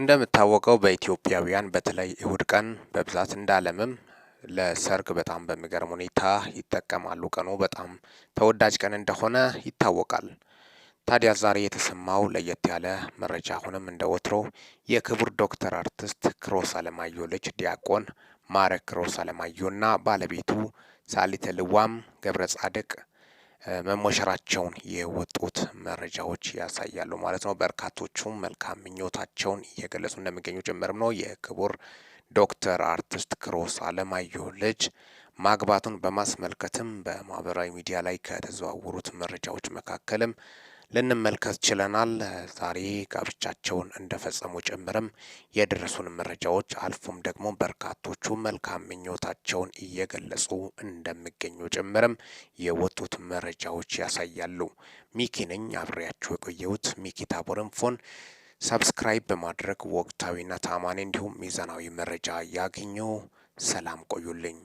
እንደምታወቀው በኢትዮጵያውያን በተለይ እሁድ ቀን በብዛት እንዳለምም ለሰርግ በጣም በሚገርም ሁኔታ ይጠቀማሉ። ቀኑ በጣም ተወዳጅ ቀን እንደሆነ ይታወቃል። ታዲያ ዛሬ የተሰማው ለየት ያለ መረጃ አሁንም እንደ ወትሮ የክቡር ዶክተር አርቲስት ክሮስ አለማየሁ ልጅ ዲያቆን ማረ ኪሮስ አለማየሁና ባለቤቱ ሳሊተ ልዋም ገብረ ጻድቅ መሞሸራቸውን የወጡት መረጃዎች ያሳያሉ ማለት ነው። በርካቶቹም መልካም ምኞታቸውን እየገለጹ እንደሚገኙ ጭምርም ነው። የክቡር ዶክተር አርቲስት ክሮስ አለማየሁ ልጅ ማግባቱን በማስመልከትም በማህበራዊ ሚዲያ ላይ ከተዘዋወሩት መረጃዎች መካከልም ልንመልከት ችለናል። ዛሬ ጋብቻቸውን እንደፈጸሙ ጭምርም የደረሱን መረጃዎች አልፎም ደግሞ በርካቶቹ መልካም ምኞታቸውን እየገለጹ እንደሚገኙ ጭምርም የወጡት መረጃዎች ያሳያሉ። ሚኪ ነኝ አብሬያችሁ የቆየሁት ሚኪ ታቦርንፎን ሰብስክራይብ በማድረግ ወቅታዊና ታማኒ እንዲሁም ሚዛናዊ መረጃ ያግኙ። ሰላም ቆዩልኝ።